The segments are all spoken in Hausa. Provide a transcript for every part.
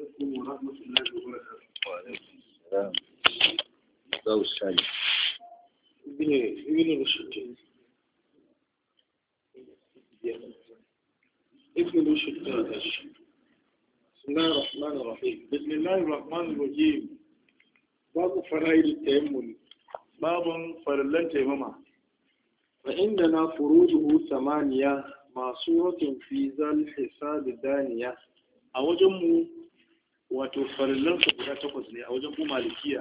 عليكم ورحمة الله وبركاته وعليكم السلام الضوء السالم ابن ابن الشتين ابن الشتين بسم الله الرحمن الرحيم بسم الله الرحمن الرحيم باب فرائد التيمم باب فرلن تيمما فإننا فروجه ثمانية مع صورة في ذا الحساب الدانية أوجمه wato farillan su guda takwas ne a wajen malikiya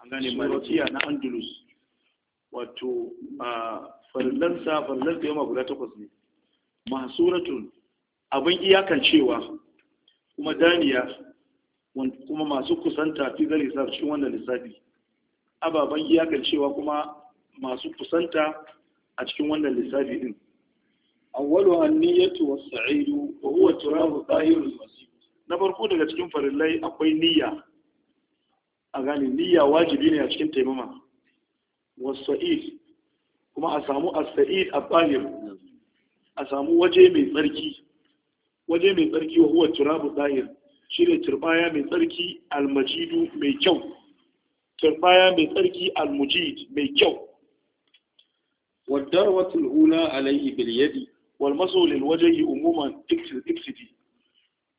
an gane malikiya na andalus wato a farillan sa farillan da yamma guda takwas ne mahsuratun abin iyakan cewa kuma daniya kuma masu kusanta fi zari sa cikin wannan lissafi ababen iyakan cewa kuma masu kusanta a cikin wannan lissafi din awwalu an niyyatu was sa'idu wa huwa turabu tahirul masir na farko daga cikin farillai akwai niyya a gane niyya wajibi ne a cikin taimama wasa'id kuma a samu as-sa'id at-tahir a samu waje mai tsarki waje mai tsarki wa huwa turabu shi ne turbaya mai tsarki al-majidu mai kyau turbaya mai tsarki al-mujid mai kyau Wadda والدروة الأولى عليه باليد والمسه للوجه عموما اكسدي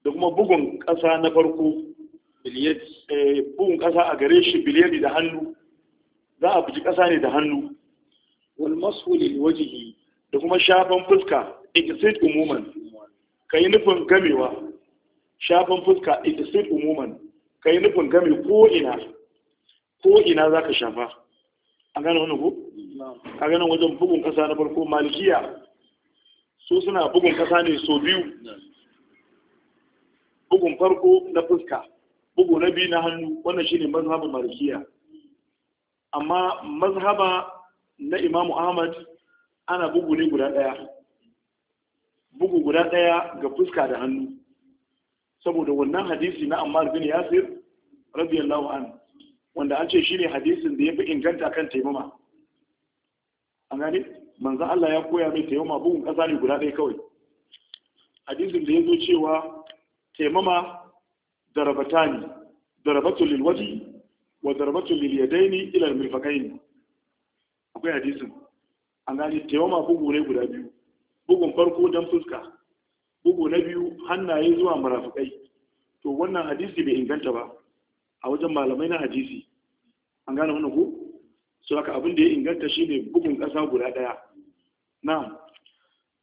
da kuma bugun ƙasa na farko eh, bugun ƙasa a gare shi biliyadi da hannu za a buji ƙasa ne da hannu wal masuli wajihi da kuma shafan fuska iqsid umuman yi nufin gamewa shafan fuska iqsid umuman yi nufin game ko ina ko ina shafa A gane wani ko A gane wajen bugun ƙasa na farko malikiya su suna bugun ƙasa ne sau biyu bugun farko na fuska bugu na biyu na hannu wannan shine mazhabin malikiya amma mazhaba na imamu ahmad ana bugu ne guda ɗaya bugu guda ɗaya ga fuska da hannu saboda wannan hadisi na ammar bin yasir radiyallahu an wanda an ce shine hadisin da ya fi inganta kan taimama an gane manzan Allah ya koya mai taimama bugun ƙasa ne guda ɗaya kawai hadisin da ya zo cewa taimama da rabatani da lil waji wa darabatun lil yadaini ila al mirfaqain akwai hadisin an gani taimama bugu ne guda biyu bugun farko dan fuska bugu na biyu hannaye zuwa marafikai to wannan hadisi bai inganta ba a wajen malamai na hadisi an gane wannan ko su haka abin da ya inganta shine bugun ƙasa guda ɗaya na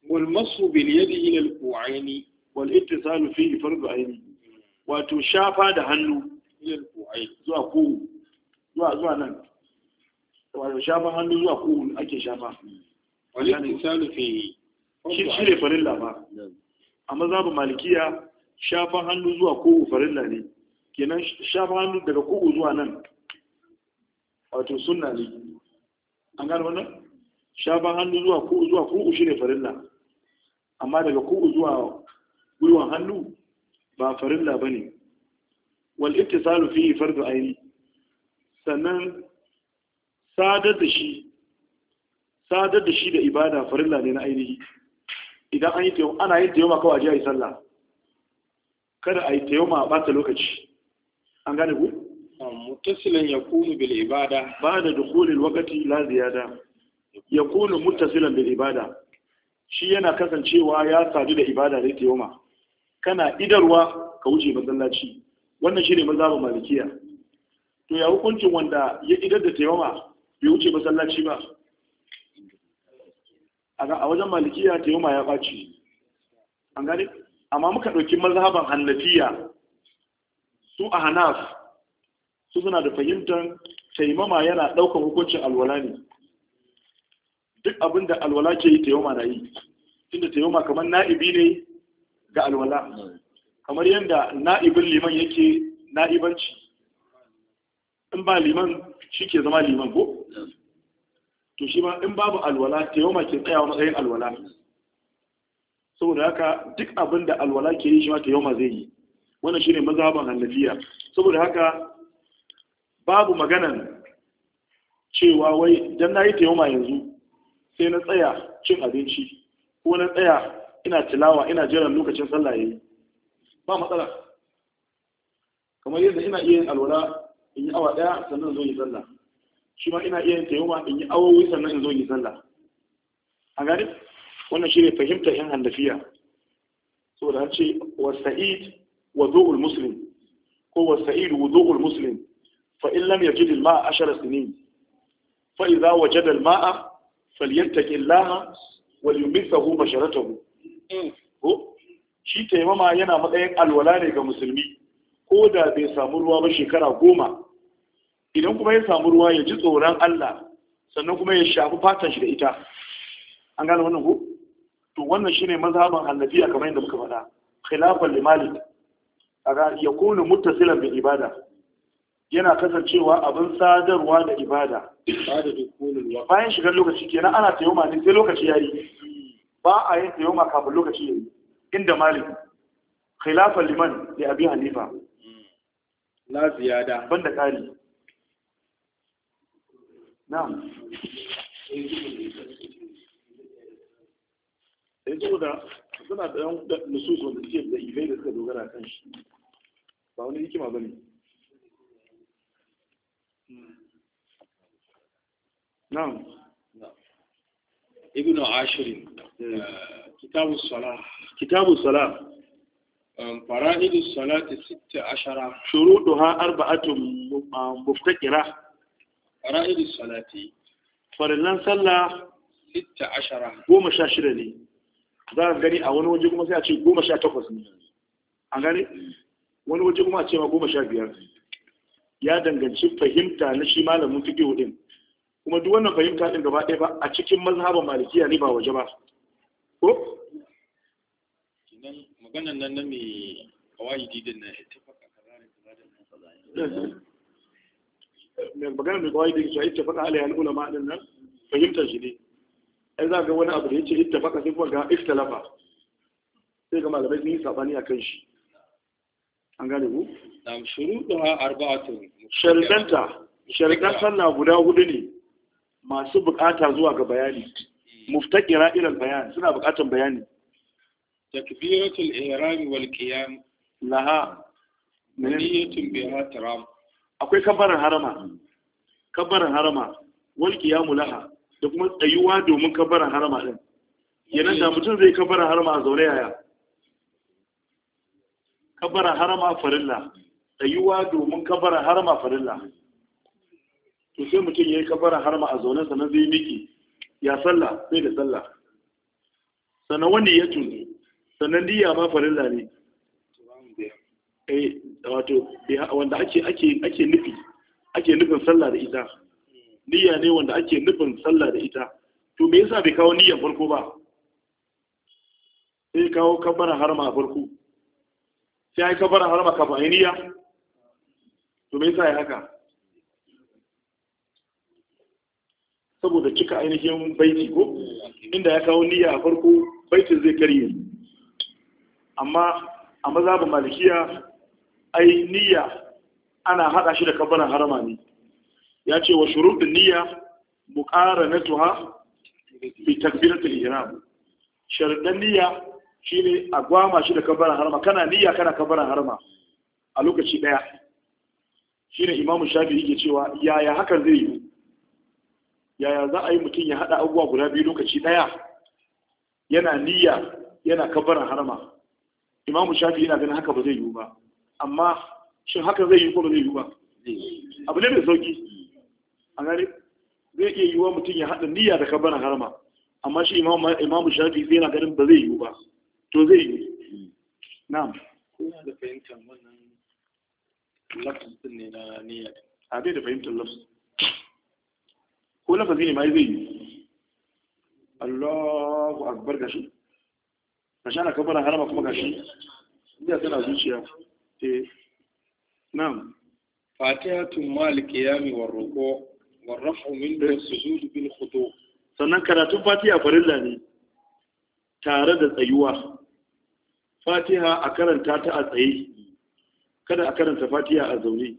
walmasu bil yadi ila al-qu'aini wal ittisalu fihi fardu aini wato shafa da hannu zuwa kowu zuwa nan wato shafa hannu zuwa kowu ake shafa wal ittisalu fihi shi ne farilla ba a mazhabin malikiya shafa hannu zuwa kowu farilla ne kenan shafa hannu daga kowu zuwa nan wato sunna ne an gano wannan shafa hannu zuwa kowu zuwa kowu shi ne farilla amma daga kowu zuwa gwiwan hannu ba farilla ba ne wal ittisalu fi fardu aini sannan sadar da shi sadar da shi da ibada farilla ne na ainihi idan an yi tayo ana yin tayo kawai a yi sallah kada a yi tayo ma a bata lokaci an gane ku ya kunu bil ibada ba'da dukhulil wakati la ziyada kunu muttasilan bil ibada shi yana kasancewa ya sadu da ibada da tayo ma kana idarwa ka wuce masallaci wannan shine mazhabin malikiya to ya hukuncin wanda ya idar da taimama bai wuce masallaci ba a wajen malikiya taimama ya ɓaci an gani amma muka ɗauki mazhaban hannafiya su a hanaf su suna da fahimtar taimama yana ɗaukar hukuncin alwala ne duk abin da alwala ke yi taimama na yi tunda taimama kamar na'ibi ne ga alwala kamar yadda na'ibin liman yake na'ibanci in ba liman shi ke zama liman ko to shi ma in babu alwala taimama ke tsayawa matsayin alwala saboda haka duk abin da alwala ke yi shi ma taimama zai yi wannan shi ne mazaban hannafiya saboda haka babu maganan cewa wai don na yi taimama yanzu sai na tsaya cin abinci ko na tsaya ina tilawa ina jiran lokacin sallah yayi ba matsala kamar yadda ina iya yin alwala in yi awa daya sannan zo yi sallah shi ma ina iya yin tayyuma in yi awowi sannan in zo yi sallah a gani wannan shi ne fahimtar yan handafiya saboda an ce wa sa'id wa zo'ul muslim ko wa sa'id wa zo'ul muslim fa in lam yajid al ma'a ashara sinin fa idza wajada al ma'a falyattaqi allaha wal yumsahu basharatahu ko shi taimama yana matsayin alwala ne ga musulmi ko da bai samu ruwa ba shekara goma idan kuma ya samu ruwa ya ji tsoron Allah sannan kuma ya shafi fatan shi da ita an gane wannan ko to wannan shine mazhaban Hanafiya kamar yadda muka faɗa khilafan li Malik ya yakunu muttasilan bi ibada yana kasancewa abin sadarwa da ibada bayan shigar lokaci kenan ana taimama ne sai lokaci yayi ba a yin taimama kafin lokaci yayi inda malik khilafan liman da abi hanifa la ziyada banda kari na'am yanzu eh, da suna da yan nusus wanda suke da ifai da suka dogara kan shi ba wani hikima ba ne na'am ibn ashir eh, kitabu salah kitabu salah فرائض الصلاة ستة عشر شروطها أربعة مفتكرة فرائض الصلاة فرلان صلى ستة goma sha shida ne. za ka gani a wani waje kuma sai a ce goma sha takwas ne a gani wani waje kuma a ce ma goma sha biyar ya danganci fahimta na shi malamin fiƙe din kuma duk wannan fahimta din gaba ɗaya ba a cikin mazhaban malikiya ne ba waje ba ko nan maganan nan na mai kawaidi din nan ittifaqa kaza da kaza nan mai maganan mai didin ya ittifaqa alai al ulama din nan fahimtar shi ne ai za ga wani abu da ita ittifaqa sai kuma ga ikhtalafa sai ga malamai sun yi sabani akan shi an gane ku nam shuruɗuha arba'atun sharidanta sharidan sallah guda hudu ne masu bukata zuwa ga bayani muftakira irin bayan suna bukatan bayani takbiratul ihram wal qiyam laha niyyatun biha taram akwai kabarin harama kabarin harama wal qiyam laha da kuma tsayuwa domin kabarin harama din yana da mutum zai kabarin harama a zaune yaya kabarin harama farilla tsayuwa domin kabarin harama farilla to sai mutum ya yi kafara harma a zaune sannan zai miki ya sallah sai da sallah sannan wani ya tuni sannan niyya ma farilla ne eh wato wanda ake ake ake nufi ake nufin sallah da ita niyya ne wanda ake nufin sallah da ita to me yasa bai kawo niyyar farko ba sai kawo kafara harma a farko sai ai kafara harma kafin niyya to me yasa ya haka saboda cika ainihin baiti ko inda ya kawo niyya a farko baitin zai karye amma a mazhabin malikiya ai niyya ana hada shi da kabbalan harama ne ya ce wa shurutun niyya muqaranatuha bi takbiratul ihram sharadan niyya shine a gwama shi da kabbalan harama kana niyya kana kabbalan harama a lokaci daya shine imamu shafi yake cewa yaya hakan zai yi yaya za a yi mutum ya haɗa abubuwa guda biyu lokaci ɗaya yana niyya yana kabbaran harma. imamu shafi yana ganin haka ba zai yiwu ba amma shin haka zai yiwu ko ba zai yiwu ba abu ne mai sauki a gani zai iya yiwuwa mutum ya haɗa niyya da kabbaran harma. amma shi imamu shafi zai yana ganin ba zai yiwu ba to zai yiwu na'am kuna da fahimtar wannan lafsin ne na niyya a bai da fahimtar lafsin ko lafazi ne ma zai yi Allahu akbar gashi gashi ana kabarin harama kuma gashi inda tana zuciya eh na'am fatihatul malik yami war ruku war rafu min da eh. sujud bil khudu sannan karatun fatiha farilla ne tare da tsayuwa fatiha a karanta ta a tsaye kada a karanta fatiha a zaune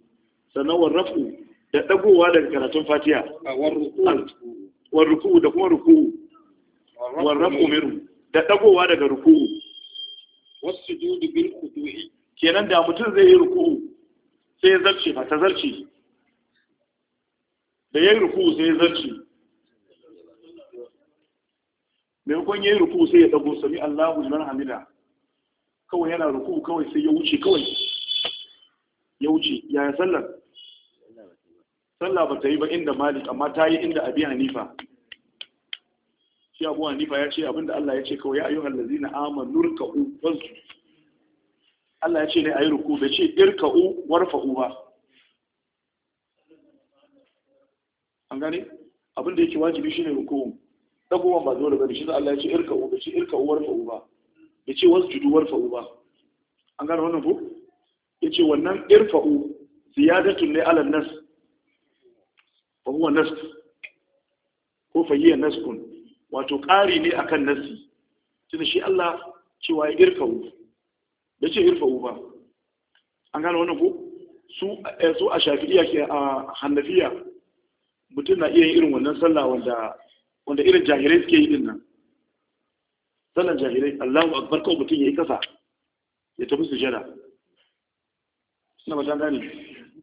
sannan war rafu da ɗagowa daga karatun Fatiya, wa ruku'u da kuma ruku'u wa rafu miru da ɗagowa daga ruku'u dudu bil khudu'i kenan da mutum zai yi ruku'u sai ya zarce ba ta zarce da yayi ruku'u sai ya zarce kun yayi ruku'u sai ya dago sami Allahu liman hamida kawai yana ruku'u kawai sai ya wuce kawai ya wuce yaya sallar sallah ba ta yi ba inda malik amma ta yi inda abi hanifa shi abu hanifa ya ce abinda Allah ya ce kawai ya ayyuhal ladzina amanu ruk'u wanzu Allah ya ce ne ayi ruku bai ce irka'u warfa'u ba an gane abinda yake wajibi shine ruku dagowan ba dole bane shi da Allah ya ce irka'u bai ce irka'u warfa'u ba bai ce wasjudu warfa'u ba an gane wannan ko yace wannan irfa'u ziyadatun ne alannas fa huwa nas ko fa naskun wato ƙari ne akan nasi tunda shi Allah cewa ya irkawu. da ce irfa'u ba an gane wannan ko su eh, a shafi'iyya ke a hannafiya. mutum na iya yin irin wannan sallah wanda wanda irin jahilai suke yi din nan sallan jahilai Allahu akbar kawai mutum ya yi kasa ya tafi su sujada suna ba ta gane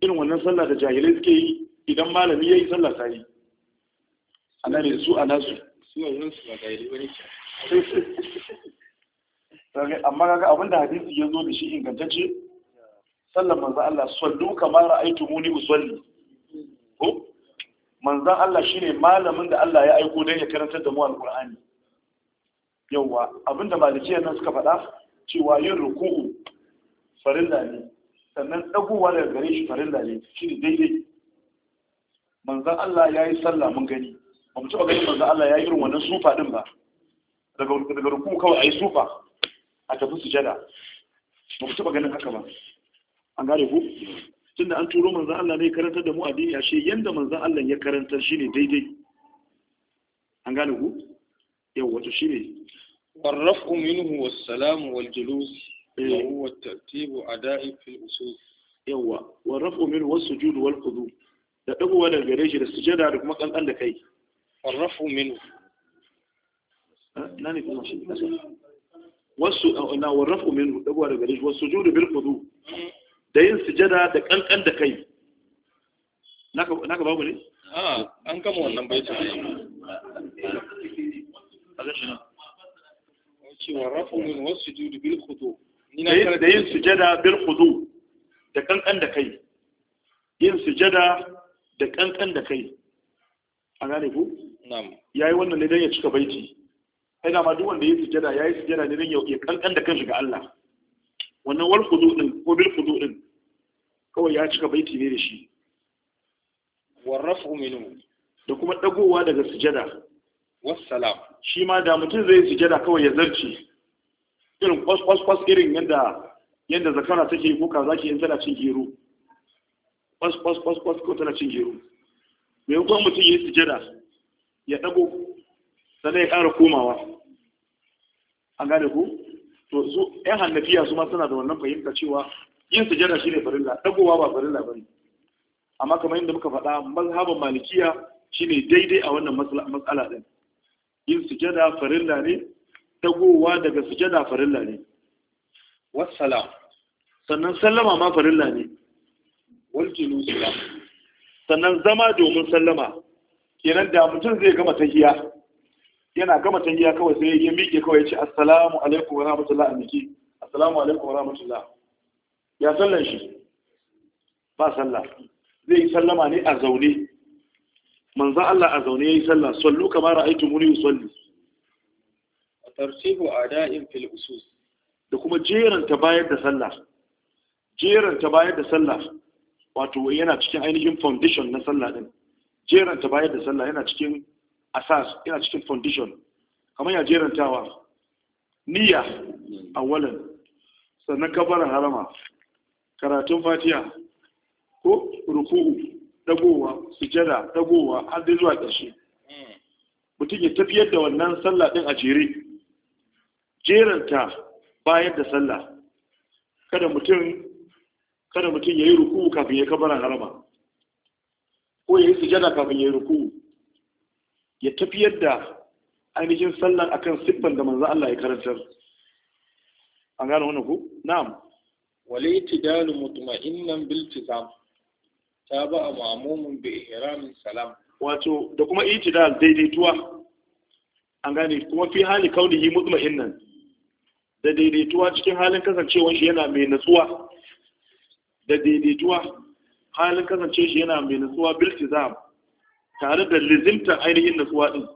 irin wannan sallah da jahilai suke yi idan malami ya yi sallah ta yi a nan su a nasu su a wurin su ba gairi amma kaga abin da hadisi ya zo da shi ingantacce sallan manzan Allah sallu kamar ra'aitu muni usalli ko manzan Allah shine malamin da Allah ya aiko dan ya karantar da mu alqur'ani yawa abinda malikiyan nan suka faɗa cewa yin ruku'u farilla ne sannan dagowa daga gare shi farilla ne shine daidai manzan Allah ya yi sallah mun gani ba mu taɓa ganin manzan Allah ya yi irin wannan sufa ɗin ba daga rukun kawai a yi sufa a tafi su jada, ba mu taɓa ganin haka ba an gane ku tunda an turo manzan Allah ne karantar da mu addini ashe yanda manzan Allah ya karantar ne daidai an gane ku yau wato shine warrafu minhu wassalamu wal julus wa eh. huwa at-tartibu ada'i fil usul yawa warrafu minhu was-sujud wal qudu da ɗagowa daga gare shi da sujada da kuma ƙanƙan da kai farrafu minu ah, na ne kuma shi wasu ah, na warrafu minu ɗagowa daga gare shi wasu judu bil kudu da yin sujada da ƙanƙan da kai naka babu ne? an kama wannan baita ne a gashi nan cewa rafu min wasu judu bil kudu da yin sujada bil kudu da ƙanƙan da kai yin sujada da kankan da kai a gane ku ya yi wannan ne don ya cika baiti ai dama duk wanda ya yi sujada ya yi sujada ne don ya kankan da kanshi ga Allah wannan wal khudu din ko bil khudu din kawai ya cika baiti ne da shi warrafu minhu da kuma dagowa daga sujada wassalam shi ma da mutum zai sujada kawai ya zarce irin kwas kwas kwas irin yadda zakara take ko kaza ke yin tana cin gero kwas kwas kwas kwas ko tana cin gero me kuma mutum ya yi sujada ya dago sannan ya ƙara komawa an gane ku to su ƴan hannafiya su ma suna da wannan fahimta cewa yin sujada shi shine farilla dagowa ba farilla bane amma kamar yadda muka faɗa mazhaban malikiya ne daidai a wannan matsala din yin sujada farilla ne dagowa daga sujada farilla ne wassalam sannan sallama ma farilla ne wal julusi sannan zama domin sallama kenan da mutum zai gama tahiya yana gama tahiya kawai sai ya miƙe kawai ya ce assalamu alaikum wa rahmatullahi amiki assalamu alaikum wa rahmatullahi ya sallan shi ba sallah zai yi sallama ne a zaune manzo Allah a zaune ya yi sallah sallu kama aiki muni usalli a tartibu a fil usus da kuma jeranta bayar da sallah jeranta bayar da sallah wato yana cikin ainihin foundation na sallah din jeranta bayar da sallah yana cikin asas yana cikin foundation kamar ya jerantawa niyya awalan sannan kabarin harama karatun Fatiya. ko ruku'u dagowa sujada dagowa har da zuwa ƙarshe mutum ya tafiyar da wannan sallah din a jere jeranta bayar da sallah kada mutum kada mutum ya yi ruku kafin ya kabara harama ko ya yi sujada kafin ya yi ruku. ya tafiyar da ainihin sallan akan siffan da manzo Allah ya karantar an gane wannan ku na'am innan tidalu mutma'innan bil tizam a ma'mumun bi ihramin salam wato da kuma itidal daidaituwa an gane kuma fi hali kaunihi mutma'innan da daidaituwa cikin halin kasancewa shi yana mai natsuwa da daidaituwa halin kasance shi yana mai nutsuwa biltizam tare da lizimta ainihin nutsuwa ɗin.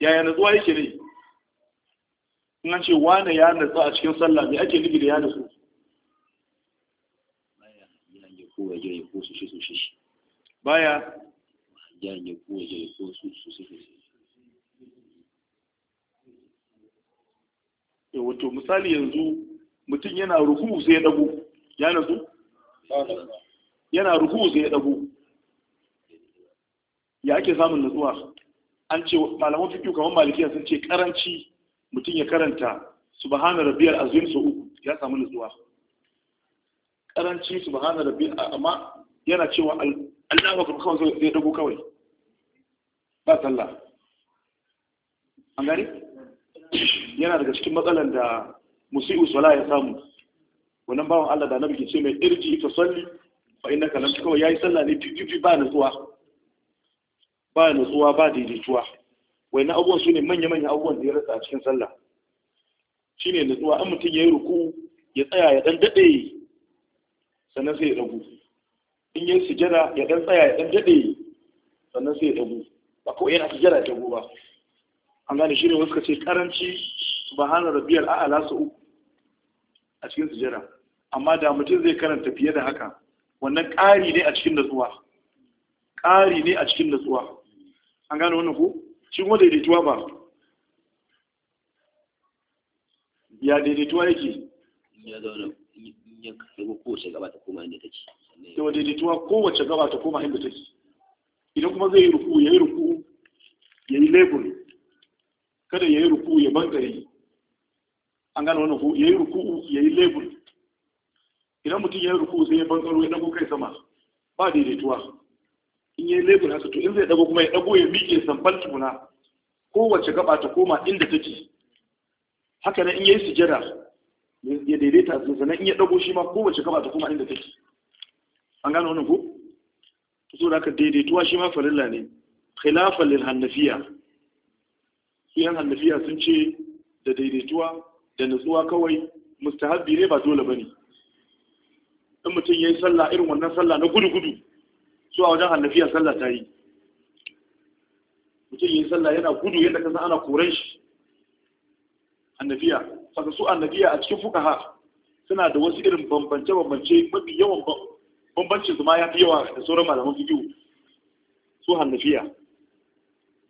yaya nutsuwa yake ne ina an ce wane ya nutsu a cikin sallah me ake nufi da ya nutsu baya wato misali yanzu mutum yana ruku sai ya dago ya nutsu yana ruhu zai ya dago ya ake samun nutsuwa an ce malaman fiqh kamar malikiyar sun ce karanci mutum ya karanta su subhana rabbiyal azim sau uku ya samu nutsuwa karanci su hana rabiyar amma yana cewa Allah kuma kawai zai dago kawai ba sallah an gari? yana daga cikin matsalar da musu'u sola ya samu wannan bawan Allah da nabi ce mai irji ta salli fa inna kalam ko yayi sallah ne fifi ba nutsuwa ba nutsuwa ba daidaituwa wayannan abubuwan su ne manya manya abubuwan da ya rasa a cikin sallah shine nutsuwa an mutun yayi ruku ya tsaya ya dan dade sannan sai ya dagu in yayi sujada ya dan tsaya ya dan dade sannan sai ya dagu ba ko yana sujada ta dagu ba an gane shi ne wasu ka ce karanci subhanar rabbiyal a'la su uku a cikin sujada amma da mutum zai karanta fiye da haka wannan ƙari ne a cikin natsuwa ƙari ne a cikin natsuwa an gane wannan ku? shi kuma daidaituwa ba ya daidaituwa yake ya zaune ya kafa kowace gaba ta koma inda take yawa daidaituwa kowace gaba ta koma inda take idan kuma zai yi ruku ya yi ruku ya yi lebur kada ya yi ruku ya bangare an gane wannan ku? ya yi ruku ya yi lebur idan mutum ya yi ruku sai ya bankaro ya dago kai sama ba daidaituwa in ya yi lebur haka to in zai dago kuma ya dago ya miƙe sambal tukuna kowace gaba ta koma inda take haka nan in ya yi sujada ya daidaita sannan in ya dago shi ma kowace gaba ta koma inda take an gano ku? ko so da haka daidaituwa shi ma farilla ne khilafan lil hannafiya su yan hannafiya sun ce da daidaituwa da nutsuwa kawai mustahabbi ne ba dole ne. in mutum ya yi sallah irin wannan sallah na gudu-gudu su a wajen hannafiya sallah ta yi mutum ya yi sallah yana gudu yadda kasan ana koren shi hannafiya saka su hannafiya a cikin fukaha suna da wasu irin bambance-bambance mafi yawan bambancin su ma ya fi yawa da sauran malaman fikiyu su hannafiya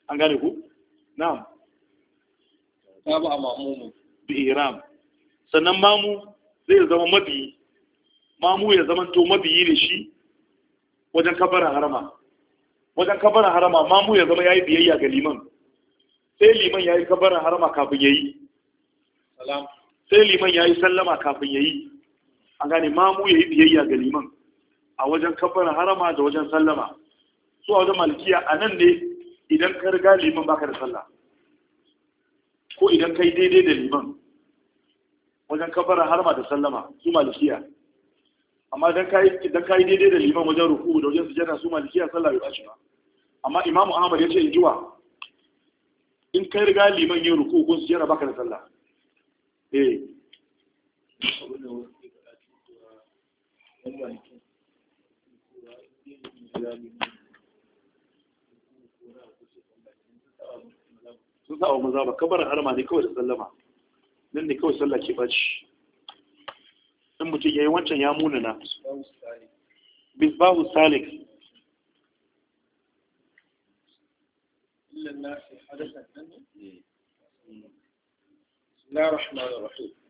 an gane ku na'am ba a mu. bi iram sannan mamu zai zama mabiyi mamu ya to mabiyi ne shi wajen kabarin harama wajen kabarin harama mamu ya zama yayi biyayya ga liman sai liman yayi kabarin harama kafin yayi salam sai liman yayi sallama kafin yayi an gane mamu yayi biyayya ga liman a wajen kabarin harama da wajen sallama su a wajen malikiya a nan ne idan ka riga liman baka da sallah ko idan kai daidai da liman wajen kabarin harama da sallama su malikiya amma dan kai dan kai daidai da liman wajen ruku da wajen sujada su malikiya sallah bai bashi ba amma imamu ahmad ya ce in jiwa in kai riga liman yin ruku kun sujada baka da sallah eh sun sa wa maza ba kabar harma ne kawai da sallama nan ne kawai sallah ke baci sun mutum ya yi wancan ya muni na bisbahu salik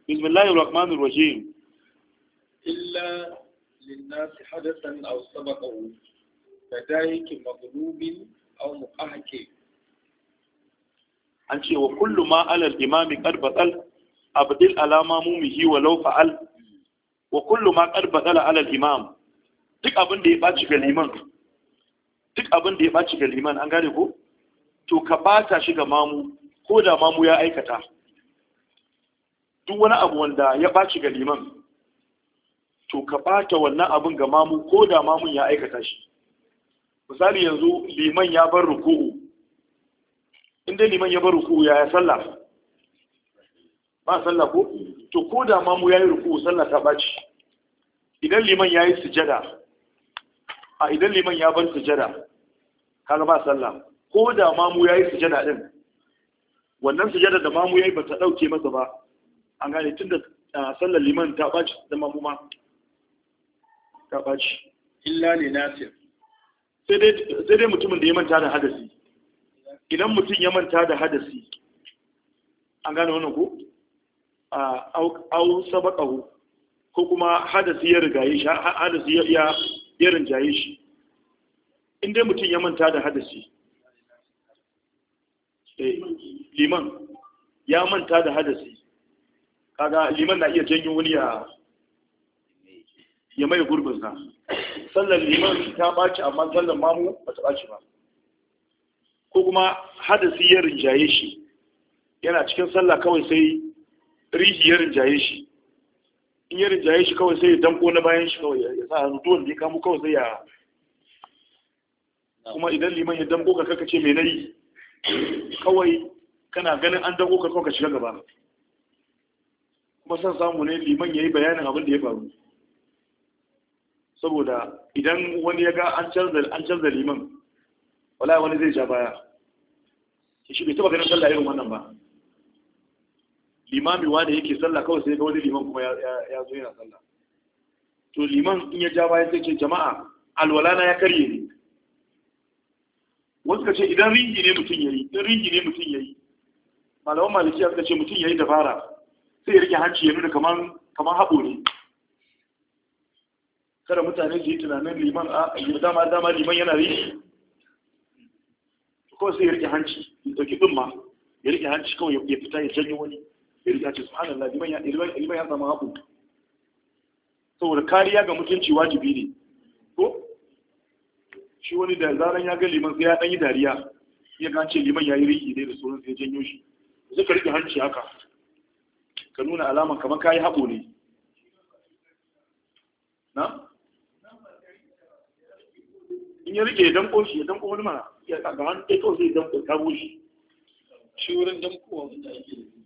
بسم الله الرحمن الرحيم إلا للناس حدثا أو سبقه كدايك مغلوب أو مقهك أنت وكل ما على الإمام قد بطل أبدل على ما مومه ولو فعل wa kullu ma qad badala ala al-imam duk abin da ya baci ga liman duk abin da ya baci ga liman an gane ko to ka bata shi ga mamu ko da mamu ya aikata duk wani abu wanda ya baci ga liman to ka bata wannan abin ga mamu ko da mamun ya aikata shi misali yanzu liman ya bar ruku'u inda liman ya bar ruku'u ya ya sallah ba sallah ko to ko da ma mu yayi ruku sallah ta baci idan liman yayi sujada a idan liman ya bar sujada kaga ba sallah ko da ma mu yayi sujada din wannan sujada da ma mu yayi bata dauke masa ba an gane tunda sallar liman ta baci da ma mu ma ta baci illa ne nasir sai dai sai dai mutumin da ya manta da hadasi idan mutum ya manta da hadasi an gane wannan ko au ko kuma hadasi ya rigaye shi hadasi ya ya rinjaye shi in dai mutum ya manta da hadasi eh, liman ya manta da hadasi kaga liman na iya janyo wani ya ya mai gurbin sa sallar liman ta ɓaci amma sallar mamu ba ta ɓaci ba ko kuma hadasi ya rinjaye shi yana cikin sallah kawai sai rihi ya rinjaye shi in ya rinjaye shi kawai sai ya damko na bayan shi kawai ya sa hannu duwan da ya kamo kawai sai ya kuma idan liman ya damko ka kaka ce mai nayi kawai kana ganin an damko ka kawai shiga gaba kuma san samu ne liman ya yi bayanin abin da ya faru saboda idan wani ya ga an canza liman wala wani zai ja baya shi bai taba ganin sallah irin wannan ba limami wanda yake sallah kawai sai ga wani liman kuma ya zo yana sallah to liman in ya ja baya sai ce jama'a alwala na ya karye ne wasu ka ce idan ringi ne mutum yayi in ringi ne mutum yayi malaman malikiya suka ce mutum yayi dabara sai ya rike hanci ya nuna kaman kaman haɓo ne kada mutane su yi tunanin liman a dama dama liman yana ringi kawai sai ya rike hanci ya ɗauki ɗin ma ya rike hanci kawai ya fita ya janyo wani ya riga ce subhanallah liman ya samu haku saboda kariya ga mutunci wajibi ne ko shi wani da zaran ya ga liman sai ya dan yi dariya ya ga ce liman ya yi riki dai da sauran sai janyo shi sai ka rike hanci haka ka nuna alama kamar ka yi hako ne na in ya rike ya danko shi ya danko wani mana ya ga hannu ɗaya kawai zai ya danko ta shi shi wurin danko wanda ake da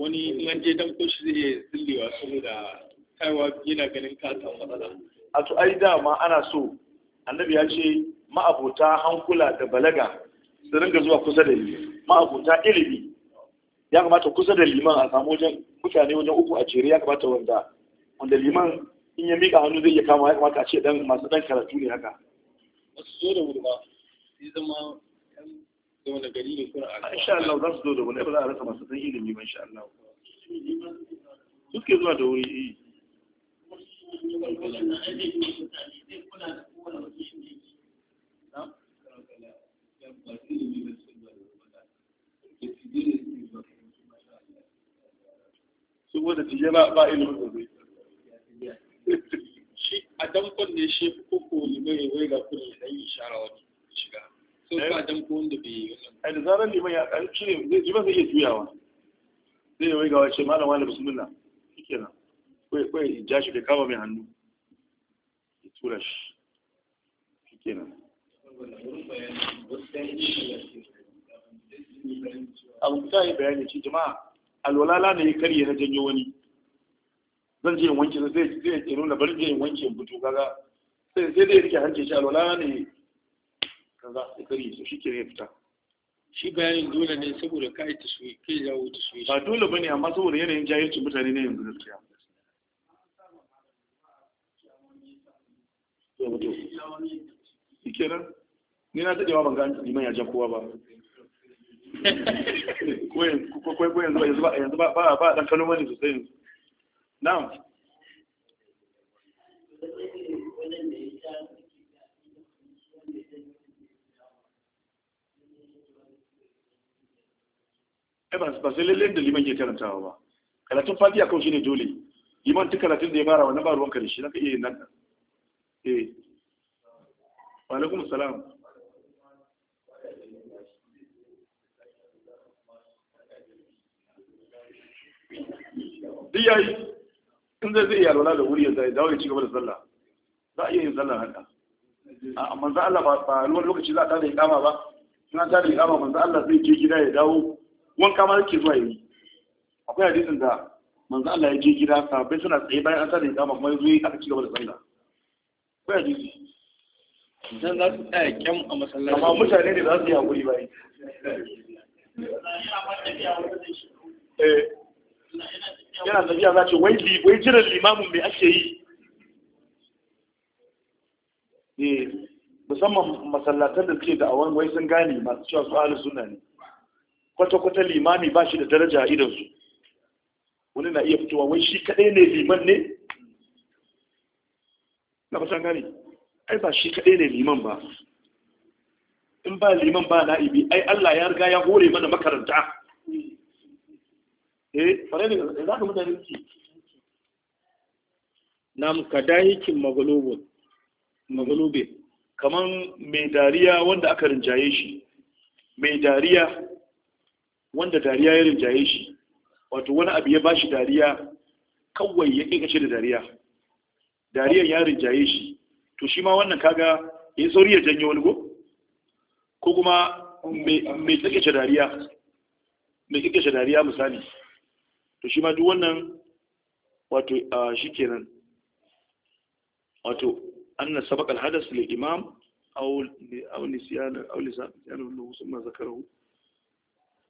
wani in an je damko shi zai iya saboda kaiwa yana ganin ka samu matsala a to ai dama ana so annabi ya ce ma'abota hankula da balaga su ringa zuwa kusa da limi ma'abota ilimi ya kamata kusa da liman a samu wajen mutane wajen uku a jere ya kamata wanda wanda liman in ya mika hannu zai iya kama ya kamata a ce dan masu dan karatu ne haka wasu so da wuri ba zama da wani gari ne kuna a insha Allah za su zo da wani ba za a rasa masu san ilimi ba insha Allah zuwa da wuri eh. su tije ba ba ilimin gobe shi a ne shi limai wai ga yi dan wani ka eh. damko wanda bai a da zarar liman ya ƙarfi shi ne liman zai iya juyawa zai yi gawa ce malam wani bismillah shi kenan kawai kawai ja shi da kama mai hannu ya tura shi shi kenan abu ta yi bayani ce jama'a alwalala ne ya karye na janyo wani zan je in wanke zai zai nuna bari je in wanke in fito kaga sai sai dai rike hanci shi alwalala ne kaza da kari to shi ke fita shi bayanin dole ne saboda ta su kai ba dole bane amma saboda yanayin jahilcin mutane ne yanzu gaskiya ni na dadewa ban ga liman ya ja kowa ba ko yanzu ba yanzu ba ba dan sosai yanzu na'am ba sai lallai da liman ke karantawa ba karatun kan shi ne dole liman duk karatun da ya fara wannan ba ruwanka da shi zaka iya yin nan eh wa alaikum salam duk yi. in zai zai iya alwala da wuri ya zai dawo ya ci gaba da sallah za a iya yin sallah haka a za Allah ba ba wani lokaci za a tada ikama ba in an tada ikama manzo Allah zai je gida ya dawo wanka ma yake zuwa yi akwai hadisin da manzo Allah ya je gida sahabbai suna tsaye bayan an sa da ikama kuma yazo aka ci gaba da sallah akwai hadisi dan za su tsaya kyam a masallaci amma mutane da za su yi hakuri bai eh. yana tafiya za ce wai wai jiran limamin me ake yi eh. musamman masallatan da suke da awon wai sun gane masu cewa su ahlus sunna ne kwata-kwata limami ba shi da daraja a idansu wani na iya fitowa wai shi kaɗai ne liman ne na fasan gani ai ba shi kaɗai ne liman ba in ba liman ba na'ibi ai Allah ya riga ya hore mana makaranta eh fara ne za ka mutane ki nam kadahikin maglubun maglubin kaman mai dariya wanda aka rinjaye shi mai dariya wanda dariya ya rinjaye shi wato wani abu ya ba shi dariya kawai ya kinkace da dariya dariyan ya rinjaye shi to shi ma wannan kaga ya sauri ya janyo wani go ko kuma mai kinkace dariya mai kinkace dariya misali to shi ma duk wannan wato shi kenan wato na sabaqal hadas lil imam aw aw nisyan aw lisan yana wannan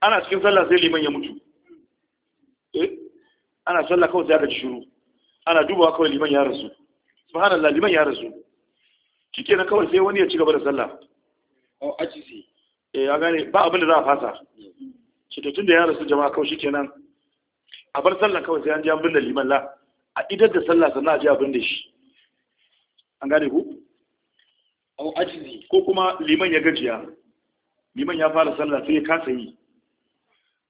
ana cikin sallah sai liman ya mutu eh ana sallah kawai sai aka ji shiru ana dubawa kawai liman ya rasu subhanallah liman ya rasu kike na kawai sai wani ya ci gaba da sallah oh, au sai eh ya gane ba abin da za a fasa shi to tunda ya rasu jama'a kawai shikenan a bar sallah kawai sai an ji an binne liman la a idar da sallah sannan a ji abin da shi an gane ku au oh, ajisi ko kuma liman ya gajiya liman ya fara sallah sai ya kasa yi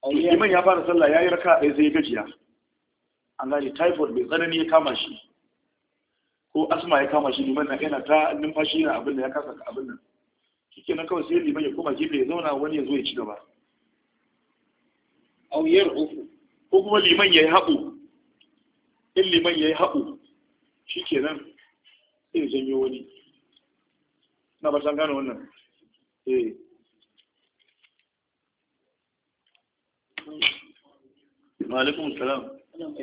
liman ya fara sallah ya yi raka ɗaya sai gajiya an gane typhoid mai tsanani ya kama shi ko asma ya kama shi liman na yana ta numfashi na abin da ya kasa abin nan shi nan kawai sai liman ya koma gefe ya zauna wani ya zo ya ci gaba auyar uku ko kuma liman ya yi haɓu in liman ya yi haɓu shi ke nan sai ya janyo wani na ba san gane wannan eh Malikun salam. Eh. sai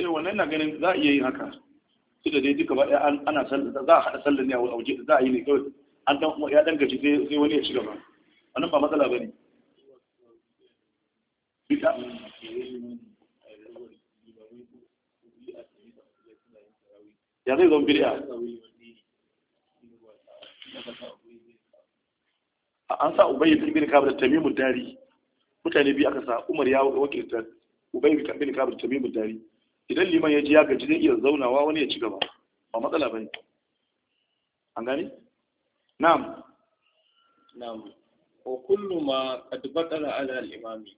eh, wannan na ganin za a iya yin haka su da dai duka ba ana sallar za a haɗa sallar ne a waje za a yi ne kawai an dan ya dan gaji sai wani ya ci gaba wannan ba matsala ba ne. ya zai biriya. bid'a an sa ubayy bin kabir da tamimu dari mutane biyu aka sa umar ya wakilta ubayy bin kabir da tamimu dari idan liman ya ji ya gaji zai iya zaunawa wani ya ci gaba ba matsala ba ne. an gani? na'am na'am wa kullu ma qad batala ala al-imami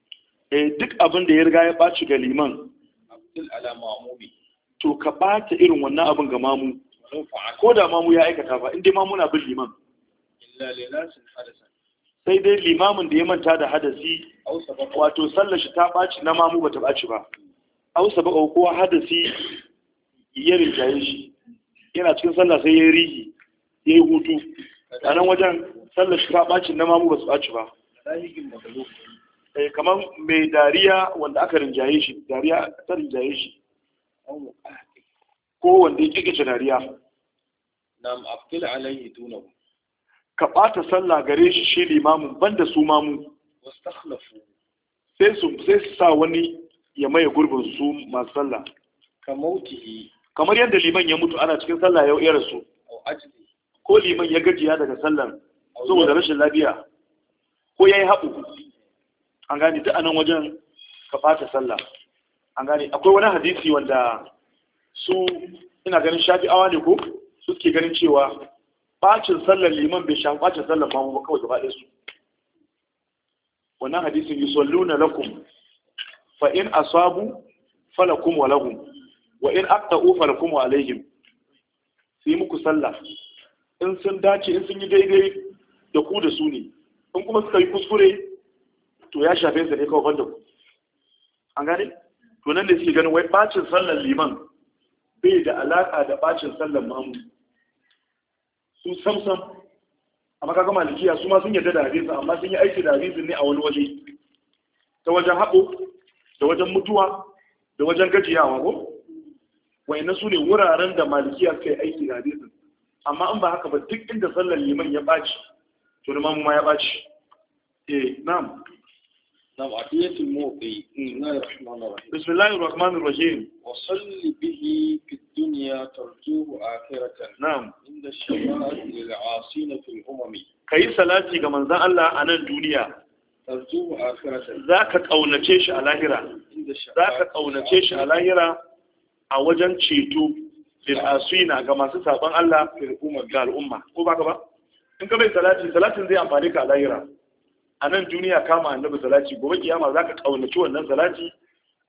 eh duk abin da ya riga ya baci ga liman abdul ala ma'mumi to ka bata irin wannan abin ga mamu ko da mamu ya aikata ba inda mamu na bin liman illa lilasin hadasan sai dai limamin da ya manta da hadasi wato sallar shi ta baci na mamu ba ta baci ba au sabaka ko hadasi ya rinjaye shi yana cikin sallah sai ya rihi ya yi hutu a nan wajen sallar shi ta ɓaci na mamu ba su ɓaci ba eh, kamar mai dariya wanda aka rinjaye shi dariya ta rinjaye shi ko wanda ya kikice dariya nam aftil alaihi dunahu ka ɓata sallah gare shi shi limamin banda su mamu sai su sai su sa wani ya maye gurbin su masu sallah kamar yadda liman ya mutu ana cikin sallah ya rasu ko liman ya gajiya daga sallar saboda rashin lafiya ko ya yi haɓu an gani duk anan wajen ka fata sallah an gani akwai wani hadisi wanda su ina ganin shafi awa ne ko suke ganin cewa bacin sallar liman bai shafi bacin sallar mamu ba kawai gaba su wannan hadisin yusalluna lakum fa in asabu falakum wa lahum wa in aqta'u falakum wa alaihim su yi muku sallah in sun dace in sun yi daidai da ku da su ne in kuma suka yi kuskure to ya shafe su ne kawai banda ku an gane to nan da suke ganin wai bacin sallar liman bai da alaka da bacin sallar mamu su samsam amma kaga malikiya su ma sun yarda da hadisi amma sun yi aiki da hadisi ne a wani waje ta wajen haɓo da wajen mutuwa da wajen gajiyawa ko wayannan su ne wuraren da malikiya suka yi aiki da hadisi amma in ba haka ba duk inda sallar liman ya baci to ne ma ya baci eh na'am na'am ayati mu'i inna rahim bismillahir rahmanir rahim wa salli bihi dunya akhiratan inda kai salati ga manzon Allah a nan duniya tarjuhu akhiratan zaka kaunace shi a lahira zaka kaunace shi a lahira a wajen ceto lil'asina ga masu saban Allah fil umma ga al'umma ko ka ba in ka bai salati salatin zai amfane ka a lahira a nan duniya kama annabi salati gobe kiyama zaka kaunaci wannan salati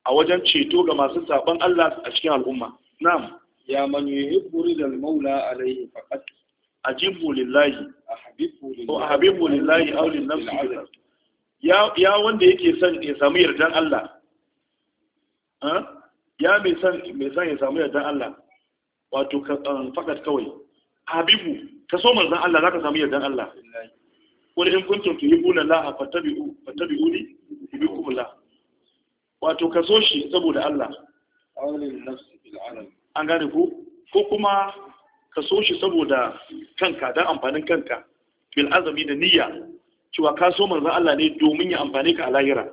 a wajen ceto ga masu saban Allah a cikin al'umma na'am ya man yuhibbu ridal maula alayhi faqat ajibu lillahi ahabibu lillahi aw lin nafsi ya ya wanda yake son ya samu yardan Allah ya mai son mai son ya samu yardan Allah wato um, fakat kawai habibu ka so manzan Allah za ka sami yardan Allah wani in kuntum tuhibuna Allah fattabi uli ibi kula wato ka so shi saboda Allah an gane ku ko kuma ka so shi saboda kanka don amfanin kanka bil azami da niyya cewa ka so manzan Allah ne domin ya amfani ka a lahira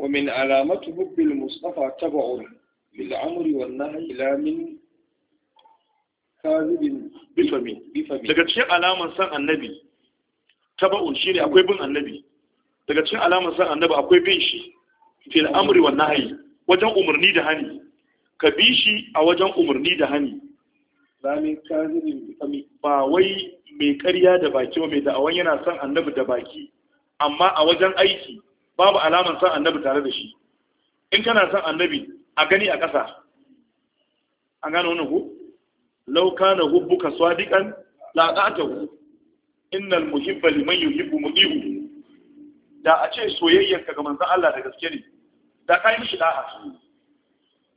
ومن علامات حب المصطفى mustafa bil'amri wan nahyi la min kazibin bifami daga cikin alaman san annabi taba'un shi ne akwai bin annabi daga cikin alaman san annabi akwai bin shi fil amri wan nahyi wajen umarni da hani ka bi shi a wajen umarni da hani zamin kazirin bifami ba wai mai karya da baki ba mai da'awan yana son annabi da baki amma a wajen aiki babu alaman son annabi tare da shi in kana son annabi a gani a ƙasa an gano wani hu lauka na hubbuka swadikan hu innal muhibba liman yuhibbu mudihu da a ce soyayyarka ga manzon Allah da gaske ne da kai mishi da'a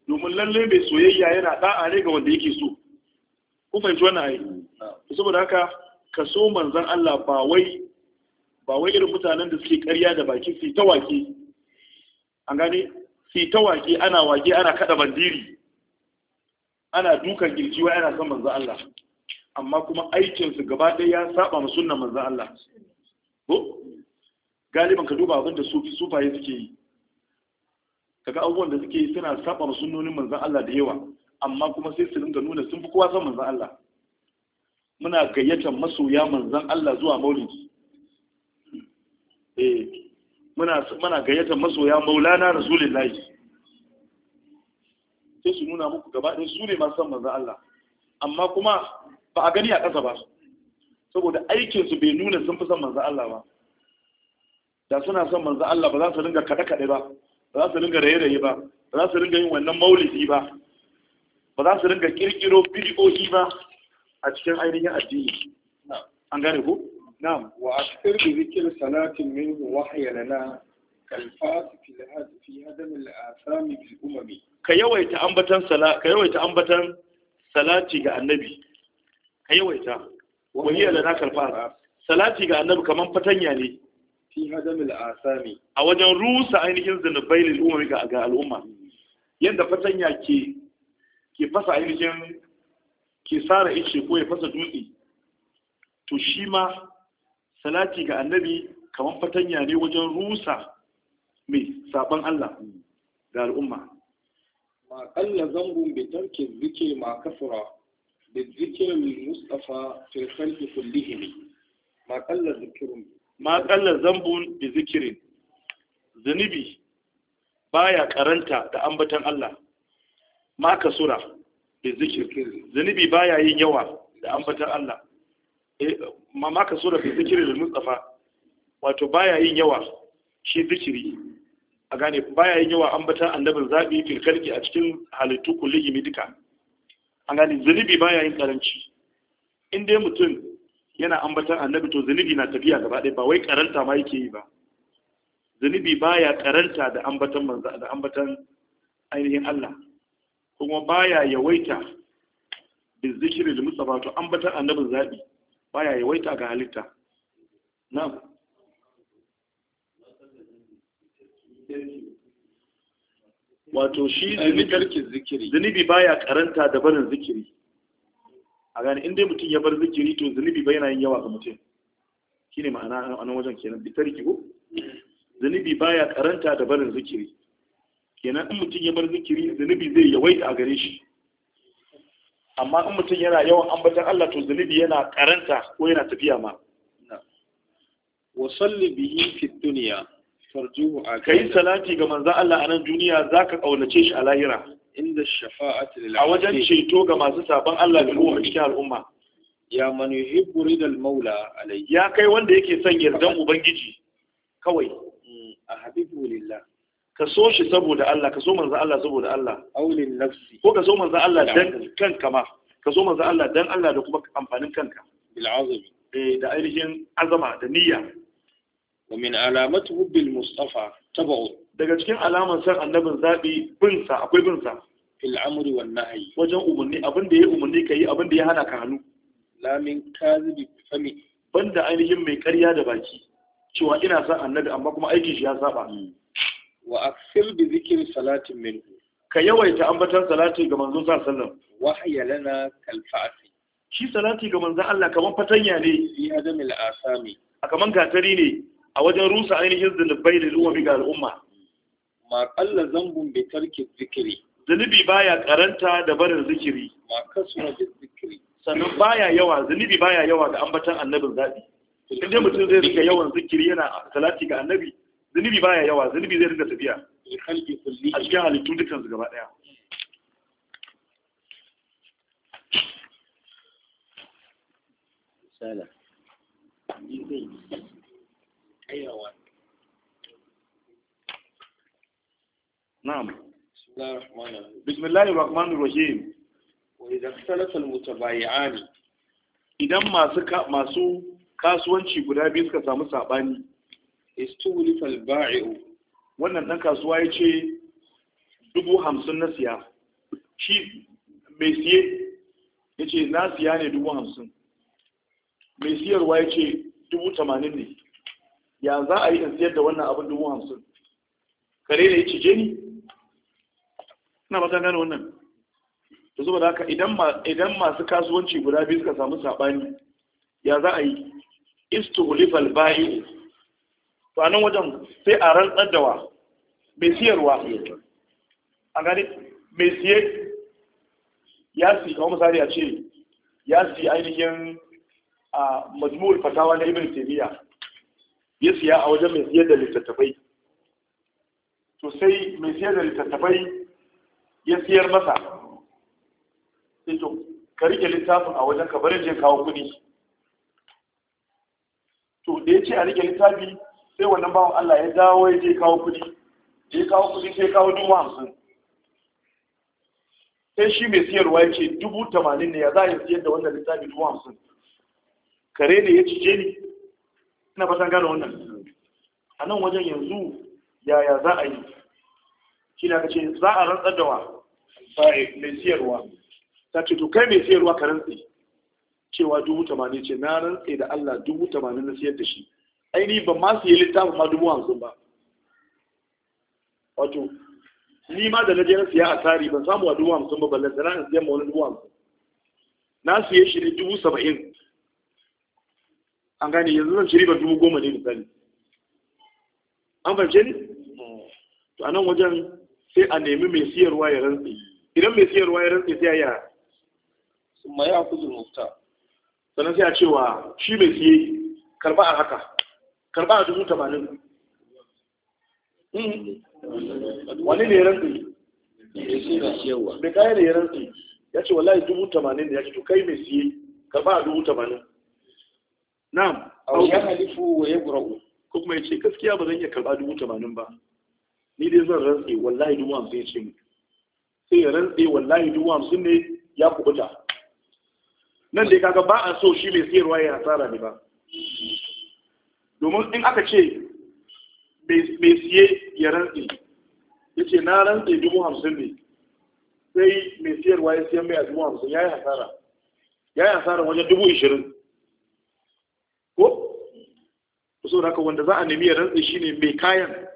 domin lalle mai soyayya yana da'a ne ga wanda yake so ku ji wannan ayi saboda haka ka so manzon Allah ba wai ba wai irin mutanen da suke ƙarya da baki su ta wake an gane su ta waƙe ana waƙe ana kada bandiri ana dukan girji wa ana son manzo Allah amma kuma aikinsu gaba ɗaya ya saba mu sunan manzo Allah ko galiban ka duba abin da sufi sufaye suke yi kaga abubuwan da suke yi suna saba mu sunnonin manzo Allah da yawa amma kuma sai su dinga nuna sun fi kowa son manzo Allah muna gayyatar masoya manzon Allah zuwa maulidi eh muna gayyatar masoya maulana layi. sai su nuna muku gaba ɗin su ne masu san Allah amma kuma ba a gani a ƙasa ba saboda aikinsu bai nuna sun fi san Allah ba da suna son Allah ba za su ringa kaɗe-kaɗe ba ba za su ringa raye-raye ba ba za su ringa yin wannan maulidi ba ba za su ringa ƙirƙiro bidiyoyi ba a cikin ainihin addini an gane ku نعم وأكثر بذكر صلاة منه وحي لنا كالفاس في في هدم الآثام بالأمم كيويت أنبتن صلاة كيويت أنبتن صلاة جاء النبي كيويت وهي لنا كالفاس صلاة جاء النبي كمان فتنيا لي في هدم الآثام أوجن روس rusa ainihin zunubai الأمم umami ga ga al'umma yanda كي ke ke fasa ainihin ke sara ice ko ya fasa dutse salati ga annabi kamar fatanya ne wajen rusa mai saban Allah da al'umma ma kalla zangon bi tarkin zike ma kasura da zike min mustafa fil khalqi kullihim ma kalla zikirin? ma kalla zanbun bi zikirin zunubi baya karanta da ambatan Allah ma kasura zikirin. zikir zunubi baya yin yawa da ambatan Allah Eh, ma ka so da fi zikirin da mustafa wato baya yin yawa shi zikiri a gane baya yin yawa ambatan annabin zaɓi filkalki a cikin halittu kulliyimi duka a gane zunubi baya yin karanci in dai mutum yana ambatan annabi to zunubi na tafiya gaba ɗaya ba wai karanta ma yake yi ba zunubi baya karanta da ambatan manzo da ambatan ainihin Allah kuma baya yawaita bi zikri da mustafa to ambatan annabin zaɓi baya yawaita ga halitta na'am wato shi zikiri zunubi baya karanta da barin zikiri a gani inda mutum ya bar zikiri to zunubi bai yana yin yawa ga mutum ne ma'ana a nan wajen kenan bitarki ko zunubi baya karanta da barin zikiri kenan in mutum ya bar zikiri zunubi zai yawaita a gare shi amma in mutum yana yawan ambatan Allah to zunubi yana karanta ko yana tafiya ma wa salli bihi fi dunya farjuhu a kai salati ga Manzan Allah a nan duniya zaka kaunace shi a lahira inda shafa'ati lil a wajen ceto ga masu saban Allah da ruwa cikin al'umma ya man yuhibbu ridal maula alayya kai wanda yake son yardan ubangiji kawai mm, a habibu lillah ka so shi saboda Allah ka so manzo Allah saboda Allah aulin nafsi ko ka so manzo Allah dan kanka ma ka so manzo Allah dan Allah da kuma amfanin kanka bil azami eh da ainihin azama da niyya wa min alamatu hubbil mustafa tabu daga cikin alaman san annabin zabi bin sa akwai bin sa fil amri wan nahyi wajen umarni abin da ya umarni kai abin da ya hana ka hannu la min kazibi fami banda ainihin mai ƙarya da baki cewa ina san annabi amma kuma aikin shi ya saba hmm. wa aksil bi zikir salatin minhu ka yawaita ambatan salati ga manzon sallallahu alaihi wasallam wa hayalana kalfa'ati shi salati ga manzon Allah kaman fatanya ne fi adamil asami a kaman gatari ne a wajen rusa ainihin zunubai da luwami ga al'umma ma qalla zambun bi tarki zikiri zunubi baya karanta da barin zikiri ma kasura bi zikiri sannan baya yawa zunubi baya yawa ga ambatan annabin zabi idan mutum zai rika yawan zikiri yana salati ga annabi zunubi baya yawa zunubi zai rinka tafiya a cikin halittu su gaba ɗaya misala na'am bismillahir rahmanir rahim wa idan salata al-mutabayi'ani idan masu kasuwanci guda biyu suka samu saɓani. istuwlifa al wannan dan kasuwa yace dubu hamsin na siya shi mai siye yace na siya ne dubu hamsin mai siyarwa yace dubu tamanin ne ya za a yi in siyar da wannan abin dubu hamsin kare ne, ya cije ni na ba gane wannan to zuba da haka idan masu kasuwanci guda biyu suka samu saɓani ya za a yi istuhlifal ba'i to a nan wajen sai a rantsar da wa mai siyarwa a gani mai siye ya si kawo misali a ce ya si ainihin a majmu'ul fatawa na ibn taymiya ya siya a wajen mai siyar da littattafai to sai mai siyar da littattafai ya siyar masa sai to ka rike littafin a wajen ka barin je kawo kuɗi to da ya ce a rike littafi sai wannan bawan Allah ya dawo ya je kawo kuɗi da ya kawo kuɗi sai kawo dubu hamsin sai shi mai siyarwa ya ce dubu tamanin ne ya za a siyar da wannan lissafi dubu hamsin kare ne ya cije ni ina fatan gane wannan a nan wajen yanzu yaya za a yi shi na ce za a rantsar da wa mai siyarwa ta ce to kai mai siyarwa ka rantsi cewa dubu tamanin ce na rantsi da Allah dubu tamanin na siyar da shi aini ba ma su yi littafin ma dubu hamsin ba wato ni ma da na je na siya a tari ban samu a dubu hamsin ba balle sana na siyan ma wani dubu hamsin na su shi ne dubu saba'in an gane yanzu zan ci ba dubu goma ne misali an fahimce ni to a nan wajen sai a nemi mai siyarwa ya rantsi idan mai siyarwa ya rantsi sai a sun ma ya kuzu mufta sannan sai a cewa shi mai siye karba a haka karba a dubu tamanin hmm. wani ne yaran mai ne ne rantsi ya ce wallahi dubu tamanin ne ya ce to kai mai siye karba a dubu tamanin na'am a wuya halifu wa ya gura'u ko kuma ya ce gaskiya ba zan iya karba dubu tamanin ba ni dai zan rantsi wallahi dubu hamsin ya ce mu sai ya rantsi wallahi dubu hamsin ne ya kubuta nan dai kaga ba a so shi mai siyarwa ya hasara ne ba domin in aka ce mai siye ya rantse ya ce na rantse dubu hamsin ne sai mai siyarwa ya siyan mai a dubu hamsin ya yi hasara ya yi hasara wajen dubu ishirin ko so da haka wanda za a nemi ya rantse shine mai kayan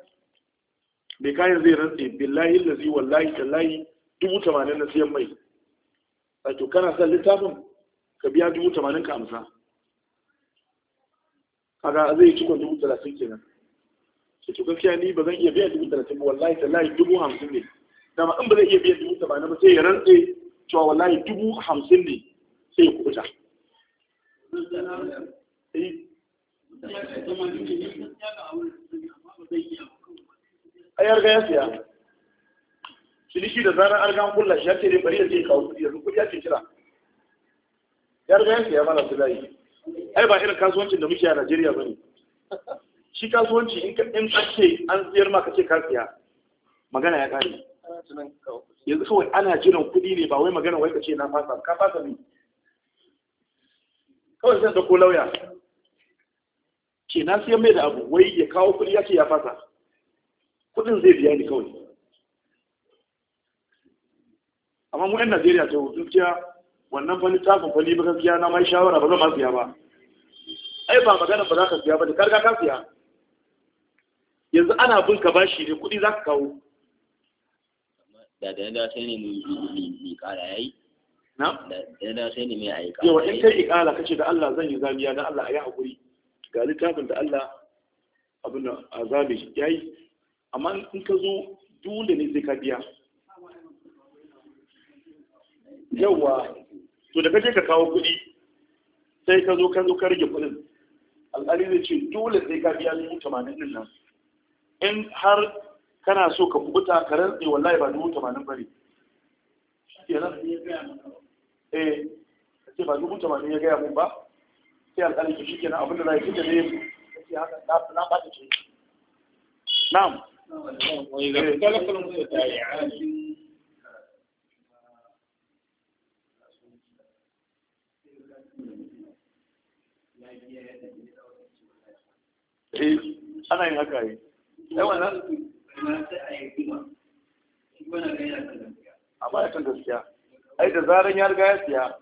mai kayan zai rantse billahi lazi wallahi tallahi dubu tamanin na siyan mai a to kana son littafin ka biya dubu tamanin ka amsa kaga zai ci kwan dubu talatin kenan ke to gaskiya ni ba zan iya biyan dubu talatin ba wallahi tallahi dubu hamsin ne dama in ba zai iya biyan dubu ta ba sai ya rantse cewa wallahi dubu hamsin ne sai ya kubuta eh. a yarga ya siya ciniki da zarar an gan kulla shi ya ce ne bari ya ce kawo kuɗi yanzu ya ce kira yarga ya siya mara su layi ai ba irin kasuwancin da muke a Najeriya bane shi kasuwanci in in kace an tsayar ma kace kasiya magana ya kare yanzu kawai ana jiran kuɗi ne ba wai magana wai kace na fasa ka fasa ne kawai sai da ko lauya Ke na siyan mai da abu wai ya kawo kuɗi ya ce ya fasa kuɗin zai biya ni kawai amma mu 'yan najeriya ta hutun wannan fa littafin fa ba gaskiya na mai shawara ba zan ma siya ba ai ba magana ba za ka siya ba da karga ka siya yanzu ana bin ka bashi ne kuɗi za ka kawo da da da sai ne mai kara yayi na da da sai ne mai ka yawa in kai ikala kace da Allah zan yi zamiya da Allah ayi hakuri ga littafin da Allah abin da azabi yayi amma in ka zo dole ne sai ka biya yawa to da kaje ka kawo kuɗi sai ka zo ka zo ka rage kuɗin alƙali zai ce dole sai ka biya dubu tamanin din nan in har kana so ka kubuta ka rantse wallahi ba dubu tamanin bane eh sai ba dubu tamanin ya gaya mun ba sai alƙali shi kenan abinda zai fi da ne na ɓata ce na'am وإذا اختلف المتبايعان eh ana yin haka yi ai wannan a baya kan gaskiya ai da zaran ya riga ya siya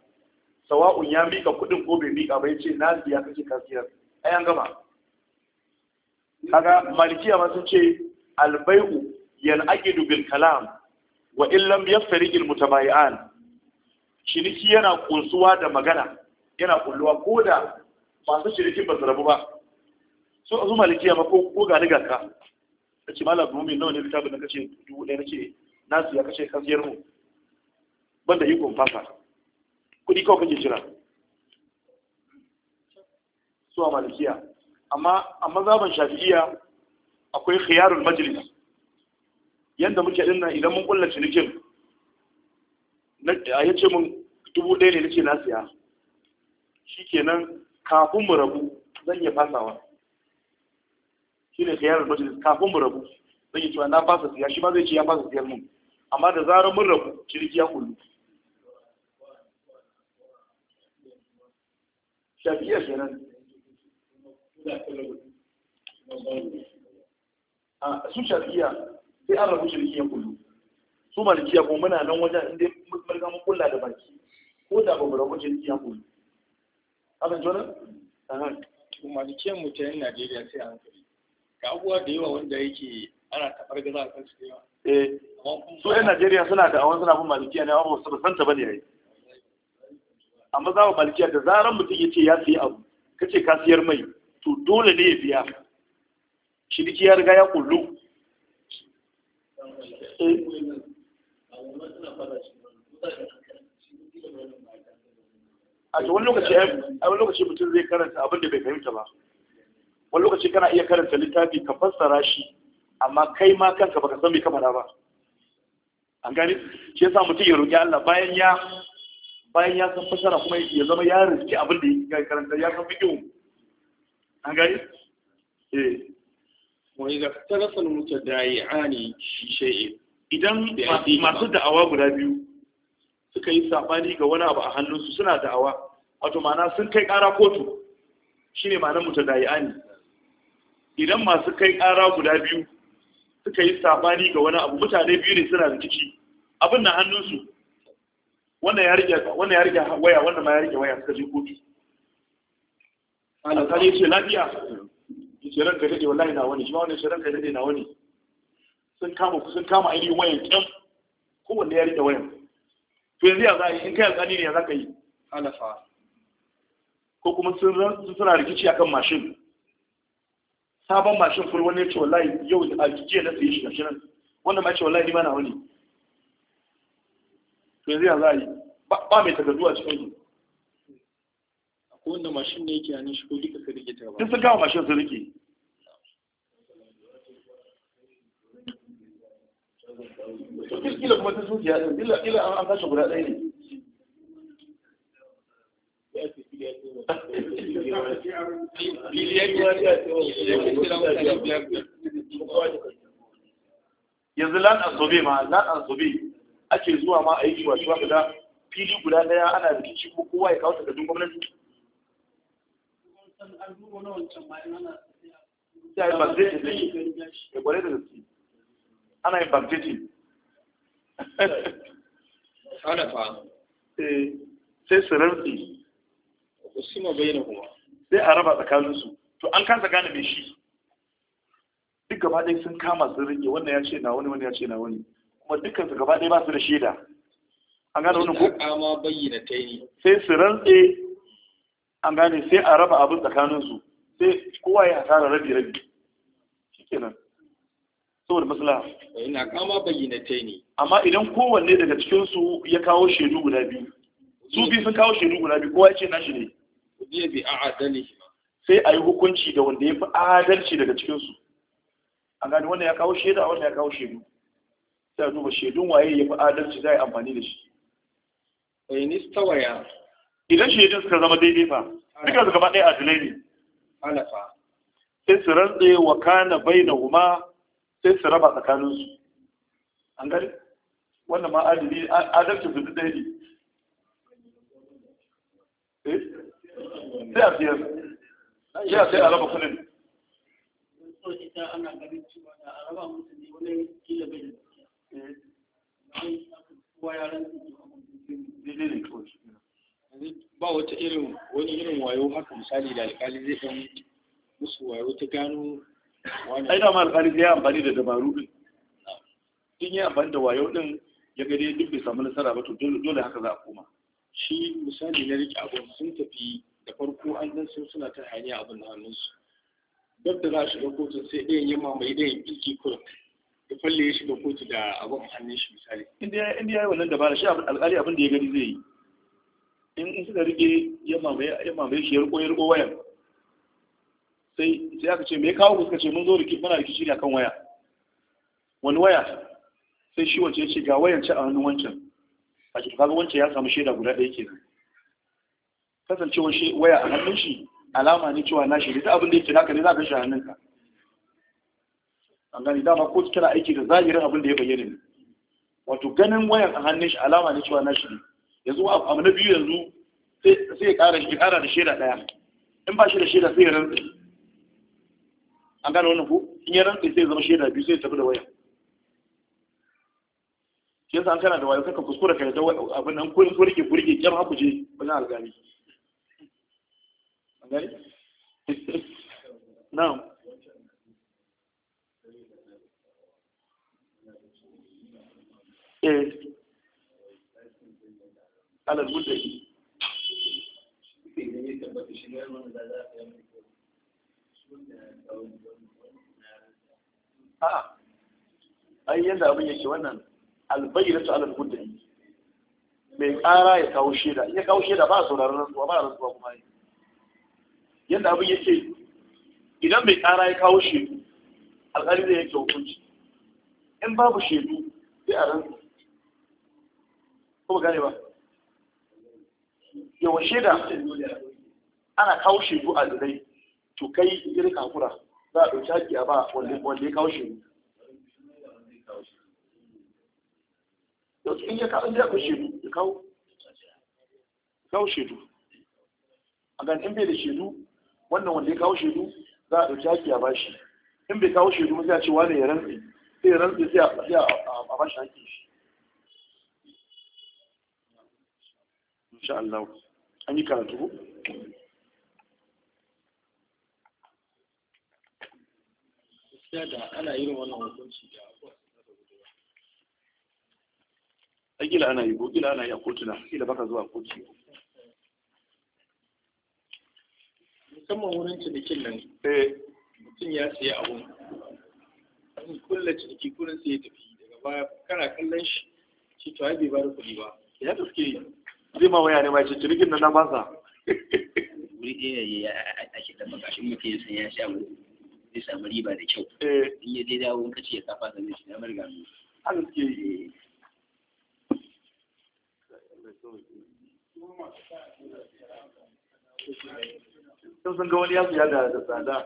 sawa'un ya mika kudin ko bai mika bai ce na siya kace ka siyar ai an gama kaga malikiya ma sun ce albay'u yan'aqidu bil kalam wa in lam yaftariq al mutabayi'an ciniki yana kunsuwa da magana yana kulluwa koda masu ciniki ba su rabu ba so a zo malikiya ma ko ko ga ni gaka kace malam rumi nawa ne littafin da kace dubu ɗaya nace nasu ya kace kasiyar mu banda yi fasa kuɗi kawai kake jira so a malikiya amma amma zaban shafi'iya akwai khiyarul majlis yanda muke dinnan idan mun kulla cinikin na ya ce mun dubu ɗaya ne nace na siya shikenan kafin mu rabu zan iya fasawa shi ne khiyar majalis kafin mu rabu zan yi cewa na fasa siya shi ma zai ce ya fasa siyar mun amma da zarar mun rabu ciniki ya kullu shafiya kenan a su shafiya sai an rabu ciniki ya kullu su malikiya kuma muna nan wajen inda mun riga mun kulla da baki ko da ba mu rabu ciniki ya kullu abin jona to malikiyan mutanen najeriya sai a hankali ga abubuwa da yawa wanda yake ana tabar gaza a kansu da yawa eh su yan najeriya suna da awon suna bin malikiya ne amma su ba ne ya yi. amma za mu malikiya da zaran mutum ya ce ya sayi abu kace ka siyar mai to dole ne ya biya ciniki ya riga ya kullu eh a wani lokaci a wani lokaci mutum zai karanta abin da bai fahimta ba wani lokaci kana iya karanta littafi ka fassara shi amma kai ma kanka baka san me kamara ba an gani shi yasa mutum ya roƙi Allah bayan ya bayan ya san fassara kuma ya zama ya rinci abin da ya karanta ya san fikihu an gani eh wa idza tarasa mutadaiani shi shay'in idan masu da'awa guda biyu suka yi sabani ga wani abu a hannunsu suna da'awa wato ma'ana sun kai ƙara kotu Shi ne ma'anar ne. idan masu kai ƙara guda biyu suka yi sabani ga wani abu mutane biyu ne suna rikici abin na hannunsu wannan ya rike waya wannan ma ya rike waya suka je kotu alƙali ce lafiya ce ranka dade wallahi na wani shi ma wannan shi ranka dade na wani sun kama sun kama ainihin wayan kyan kowanne ya rike wayan to yanzu ya za yi in kai alƙali ne ya za ka yi halafa ko kuma sun suna rikici akan mashin sabon mashin kuma wani ya ce wallahi yau a jiya na sayi shiga shirin wanda ma ce wallahi nima na wani to yanzu ya za yi ba mai takardu a cikin su akwai wanda mashin ne yake hannun shi ko duka sai rike ta ba duk sun gama mashin sun rike to kila kuma ta zuciya, din kila kila an an kashe guda ɗaya ne yanzu lan asobe ma lan asobe ake zuwa ma a yi ciwa ciwa guda fili guda ɗaya. ana rikici ko kowa ya kawo takardun gwamnati ana yin budgeting halafa eh, sai su rantsi usima bainahuma sai a raba tsakaninsu to an kan tsakanin me shi duk gaba ɗaya sun kama sun rike wannan ya ce na wani wani ya ce na wani kuma dukkan su gaba ɗaya ba su da shaida an gane wani ko amma bayyana ta yi sai su rantse an gane sai a raba abin tsakaninsu sai kowa ya hasara rabi rabi shikenan saboda maslaha ina kama bayyanatai ne amma idan kowanne daga cikin su ya kawo shaidu guda biyu su biyu sun kawo shaidu guda biyu kowa ya ce nashi ne zai bi a'adali sai a yi hukunci da wanda ya fi adalci daga cikin su an gani wannan ya kawo shaida wannan ya kawo shaidu sai a duba shaidun waye ya fi adalci za a yi amfani da shi in istawaya idan shaidun suka zama daidai fa duka su gaba ɗaya adalai ne fa sai su rantse wa kana bainahuma sai su raba tsakaninsu an gari wannan ma adali adalci su ɗaya ne eh? sai a sai a sai a raba kudin eh. ba wata irin wani irin wayo haka misali da alkali zai ɗan musu wayo ta gano ai mal alƙali ya amfani da dabaru din in ya amfani da wayo din ya ga dai duk bai samu nasara ba to dole haka za a koma shi misali na rike abu sun tafi da farko an dan sun suna ta hanya abin da su. duk da za a shiga kotu sai ɗaya ya mamaye ɗayan ilki kurum Ya falle ya shiga kotu da abin hannun shi misali inda ya yi wannan dabara shi alƙali abin da ya gani zai yi in suka rike ya mamaye shi ya riko ya riko wayan sai sai aka ce me kawo ku suka ce mun zo rikici muna rikici ne kan waya wani waya sai shi wace ce ga wayan a hannun wancan a ce kaga wancan ya samu shaida guda ɗaya kenan kasancewar shi waya a hannun shi alama ne cewa na shi da abin da yake naka ne za ka shi a hannunka an gani dama ko kana aiki da zahirin abin da ya bayyana ne wato ganin wayan a hannun shi alama ne cewa na shi ne yanzu abu na biyu yanzu sai ya kara da shaida ɗaya in ba shi da shaida sai ya rantsa an gane wannan ko in ya rantsa sai zama shaida biyu sai tafi da waya shi yasa an kana da wayo kaka kuskura ka da abin nan ko ko rike burge jam haku je wani algami an gane Na. eh alal muddai a'a ai yanda abin yake wannan albayyana su alal gudun mai kara ya kawo shaida ya kawo shaida ba a sauraron rantsuwa ba a rantsuwa kuma yi yadda abin yake idan mai kara ya kawo shaidu alƙali zai yake hukunci in babu shaidu sai a rantsu kuma gane ba yawan sheda ana kawo shaidu a dai. to kai irin hakura za a ɗauki haƙƙi a ba wanda ya kawo shi in ya kawo ya shedu ya kawo kawo shedu a gan in bai da shedu wannan wanda ya kawo shedu za a ɗauki haƙƙi a ba shi in bai kawo shedu zai a ce wane ya rantsi sai ya rantsi sai a ba shi haƙƙi shi insha Allah an yi karatu gaskiya da ana irin wannan hukunci da ai kila ana yi ko kila ana yi a kotuna kila baka zuwa kotu musamman wurin cinikin nan eh mutum ya sayi abun an kulle ciniki kurin sai ya tafi daga baya kana kallon shi shi to ai bai ba da kuɗi ba ya tafi zai ma waya ne ma ce cinikin nan na ba sa wuri ɗaya ya ake da makashin mutum ya san ya sha wuri zai samu riba da kyau eh. in ya je dawo ya kafa shi haka suke yi sun sun ga wani da tsada da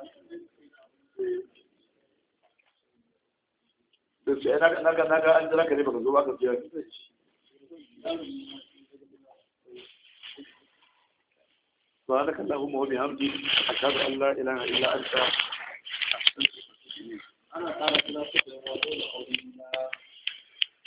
an jira ka ne baka zo ba ka سبحانك اللهم وبحمدك أشهد أن لا إله إلا أنت ana ƙara kira su da wato da aure na